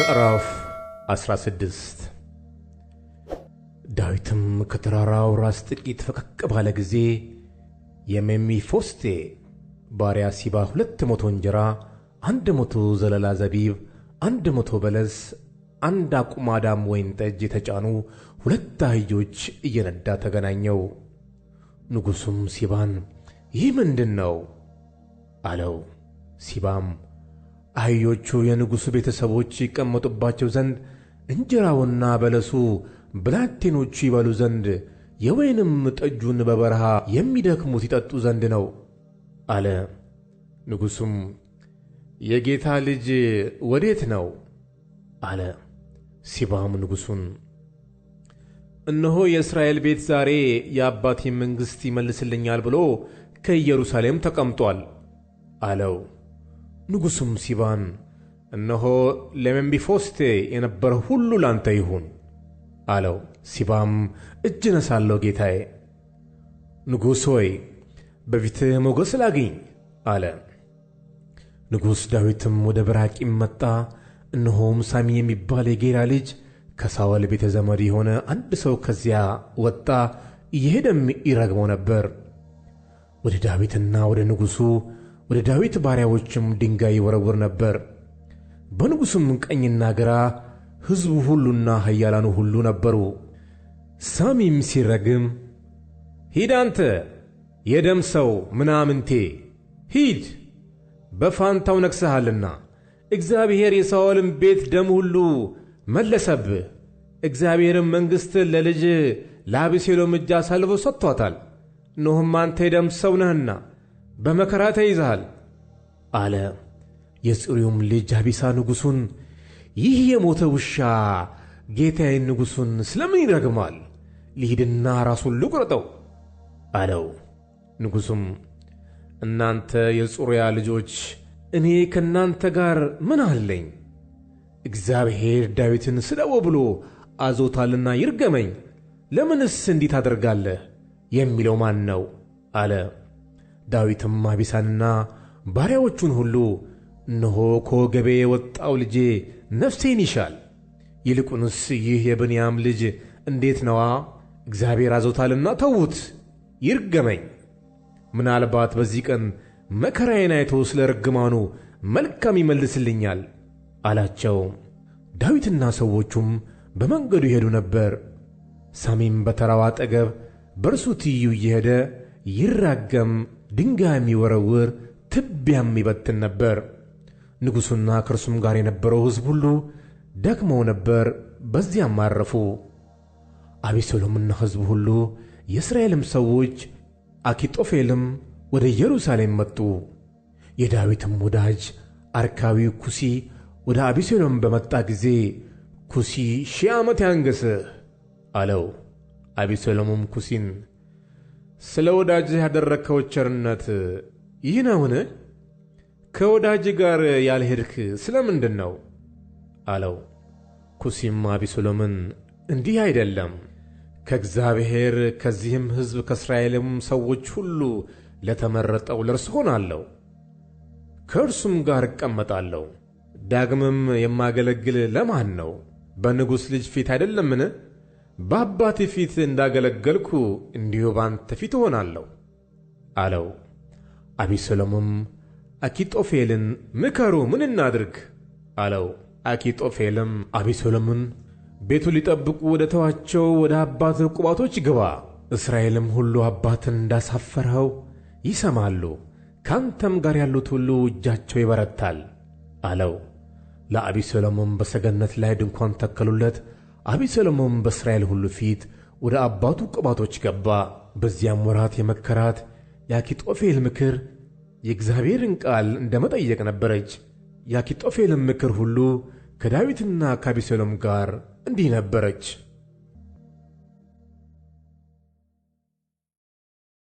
ምዕራፍ 16 ዳዊትም ከተራራው ራስ ጥቂት ፈቀቅ ባለ ጊዜ የሜምፊቦስቴ ባሪያ ሲባ ሁለት መቶ እንጀራ፣ አንድ መቶ ዘለላ ዘቢብ፣ አንድ መቶ በለስ፣ አንድ አቁማዳም ወይን ጠጅ የተጫኑ ሁለት አህዮች እየነዳ ተገናኘው። ንጉሡም ሲባን ይህ ምንድን ነው? አለው። ሲባም አህዮቹ የንጉሡ ቤተሰቦች ይቀመጡባቸው ዘንድ እንጀራውና በለሱ ብላቴኖቹ ይበሉ ዘንድ የወይንም ጠጁን በበረሃ የሚደክሙት ይጠጡ ዘንድ ነው አለ። ንጉሡም የጌታ ልጅ ወዴት ነው አለ። ሲባም ንጉሡን እነሆ የእስራኤል ቤት ዛሬ የአባቴ መንግሥት ይመልስልኛል ብሎ ከኢየሩሳሌም ተቀምጧል አለው። ንጉሡም ሲባን እነሆ ለሜምፊቦስቴ የነበረ ሁሉ ላንተ ይሁን አለው። ሲባም እጅ እነሳለሁ ጌታዬ፣ ንጉሥ ሆይ በፊትህ ሞገስ ላግኝ አለ። ንጉሥ ዳዊትም ወደ ብራቂም መጣ። እነሆም ሳሚ የሚባል የጌራ ልጅ ከሳወል ቤተ ዘመድ የሆነ አንድ ሰው ከዚያ ወጣ፣ እየሄደም ይረግመው ነበር። ወደ ዳዊትና ወደ ንጉሡ ወደ ዳዊት ባሪያዎችም ድንጋይ ይወረውር ነበር። በንጉሡም ቀኝና ግራ ሕዝቡ ሁሉና ኃያላኑ ሁሉ ነበሩ። ሳሚም ሲረግም ሂድ አንተ የደም ሰው ምናምንቴ ሂድ፣ በፋንታው ነግሠሃልና እግዚአብሔር የሳኦልን ቤት ደም ሁሉ መለሰብህ፣ እግዚአብሔርም መንግሥትን ለልጅ ለአቤሴሎም እጅ አሳልፎ ሰጥቶታል። እነሆም አንተ የደም ሰው ነህና በመከራ ተይዘሃል አለ። የጽሩዩም ልጅ አቢሳ ንጉሡን፣ ይህ የሞተ ውሻ ጌታዬን ንጉሡን ስለምን ይረግማል? ሊሂድና ራሱን ልቁረጠው አለው። ንጉሡም እናንተ የጽሩያ ልጆች እኔ ከእናንተ ጋር ምን አለኝ? እግዚአብሔር ዳዊትን ስለወ ብሎ አዞታልና ይርገመኝ፣ ለምንስ እንዲህ ታደርጋለህ የሚለው ማን ነው? አለ። ዳዊትም አቢሳንና ባሪያዎቹን ሁሉ እነሆ ከወገቤ የወጣው ልጄ ነፍሴን ይሻል፣ ይልቁንስ ይህ የብንያም ልጅ እንዴት ነዋ? እግዚአብሔር አዞታልና ተዉት፣ ይርገመኝ። ምናልባት በዚህ ቀን መከራዬን አይቶ ስለ ርግማኑ መልካም ይመልስልኛል አላቸው። ዳዊትና ሰዎቹም በመንገዱ ይሄዱ ነበር። ሳሚም በተራው አጠገብ በእርሱ ትይዩ እየሄደ ይራገም ድንጋይ የሚወረውር ትቢያም ይበትን ነበር። ንጉሡና ከእርሱም ጋር የነበረው ሕዝብ ሁሉ ደክመው ነበር፣ በዚያም አረፉ። አቤሴሎምና ሕዝቡ ሁሉ የእስራኤልም ሰዎች አኪጦፌልም ወደ ኢየሩሳሌም መጡ። የዳዊትም ወዳጅ አርካዊ ኩሲ ወደ አቤሴሎም በመጣ ጊዜ ኩሲ ሺህ ዓመት ያንገሥህ አለው። አቤሴሎምም ኩሲን ስለ ወዳጅህ ያደረግከው ቸርነት ይህ ነውን? ከወዳጅ ጋር ያልሄድክ ስለ ምንድን ነው አለው። ኩሲም አቢሶሎምን እንዲህ አይደለም፣ ከእግዚአብሔር ከዚህም ሕዝብ ከእስራኤልም ሰዎች ሁሉ ለተመረጠው ለእርሱ ሆናለሁ፣ ከእርሱም ጋር እቀመጣለሁ። ዳግምም የማገለግል ለማን ነው? በንጉሥ ልጅ ፊት አይደለምን? በአባቴ ፊት እንዳገለገልኩ እንዲሁ ባንተ ፊት እሆናለሁ አለው። አቢሰሎምም አኪጦፌልን ምከሩ፣ ምን እናድርግ አለው። አኪጦፌልም አቢሰሎምን ቤቱ ሊጠብቁ ወደ ተዋቸው ወደ አባት ቁባቶች ግባ፣ እስራኤልም ሁሉ አባትን እንዳሳፈርኸው ይሰማሉ፣ ካንተም ጋር ያሉት ሁሉ እጃቸው ይበረታል አለው። ለአቢሰሎምም በሰገነት ላይ ድንኳን ተከሉለት። አቤሴሎምም በእስራኤል ሁሉ ፊት ወደ አባቱ ቁባቶች ገባ። በዚያም ወራት የመከራት የአኪጦፌል ምክር የእግዚአብሔርን ቃል እንደ መጠየቅ ነበረች። የአኪጦፌልም ምክር ሁሉ ከዳዊትና ከአቤሴሎም ጋር እንዲህ ነበረች።